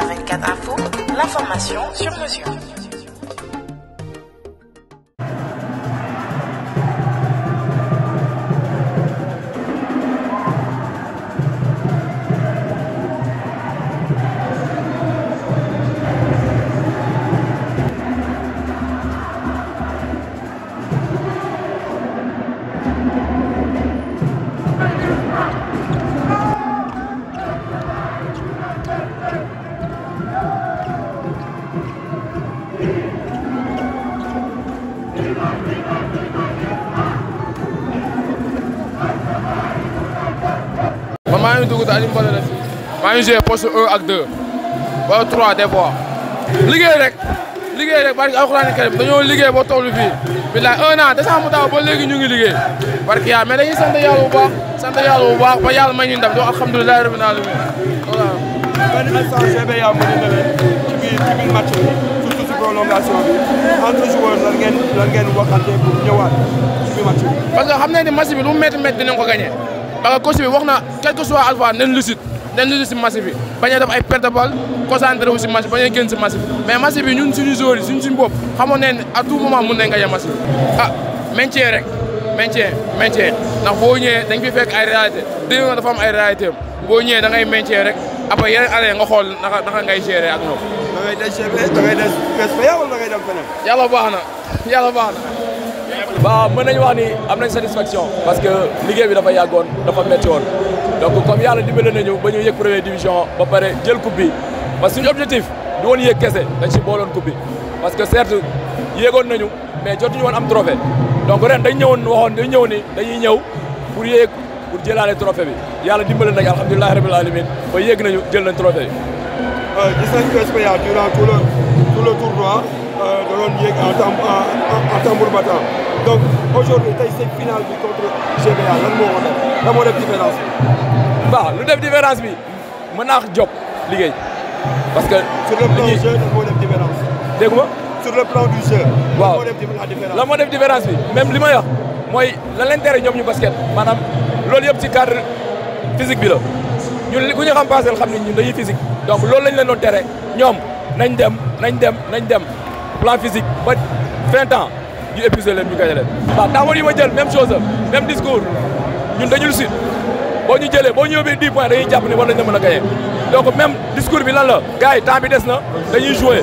24 infos, l'information sur mesure. man maa ngi dugg te Alioune Baldé la maa ngi joué poste 1 ak 2 wala 3 des liggéey rek liggéey rek barki alxuraan karim dañoo liggéey ba tollu fii bilaay un an décembre daaw ba léegi ñu ngi liggéey barki yaa mais dañuy sant yàlla bu baax sant yàlla bu baax ba yàlla may ñu ndam doo alhamdulilah rabbil alamin voilà ban instant CBA mu ngi demee ci biir ci biir match prolongation bi entre joueurs lan ngeen lan ngeen waxante pour ñëwaat ci match bi. parce que xam nañ ne match bi lu mu métti métti ko gagné parce wax na quelque soit alpha nañ lucide nañ lucide si match bi bañ a def ay perte de balle concentré wu si match bi bañ a génn si match bi mais match bi ñun suñu joueurs yi suñ suñu bopp xamoon nañ ne à tout moment mun nañ gagné match bi ah rek maintien maintien ndax boo ñëwee dañ fi fekk ay réalité dégg nga dafa am boo ñëwee da ngay maintien rek. après yeneen année nga xool naxa naka ngay gérer ak ñoom. da ngay des chef da ngay des presse fa wala feneen. yàlla baax na yàlla baax mën nañu wax ni am nañ satisfaction. parce que liggéey bi dafa yàggoon dafa metti woon donc comme yàlla dimbale nañu ba ñu yëg première division ba pare jël coupe bi parce que suñu objectif du kese dañ si booloon coupe bi parce que certes yéegoon nañu mais jotuñu woon am trophée donc ren dañ ñëwoon waxoon dañ ñëw ni dañuy ñëw pour yéeg. pour le trophée bi yalla dimbalé nak alhamdulilah rabil alamin ba yegg nañu jël nañ trophée euh gis nañ ko SPA durant tout le tout le tournoi euh da doon yéeg en tam en tambour battant donc aujourd'hui tay c'est finale du contre GBA lan moo ko def lan moo def différence bi. lu def différence bi mën naa job liguey parce que sur le plan du jeu lan moo def différence. dégguma sur le plan du jeu. waaw la mo def différence bi même limay wax moy lan leen tere ñu basket manam loolu yëpp si cadre physique bi la ñun ku ñu xam Parcelles xam ne ñun dañuy physique donc loolu lañ leen doon tere ñoom nañ dem nañu dem nañ dem plan physique ba vingt ans ñu épuisé leen ñu gañe leen waaw taxawoon yi ma jël même chose même discours ñun dañul sud boo ñu jëlee boo ñu yóbbee 10 points dañuy jàpp ne war nañ la mën a gañe donc même discours bi lan la gars yi temps bi des na dañuy joué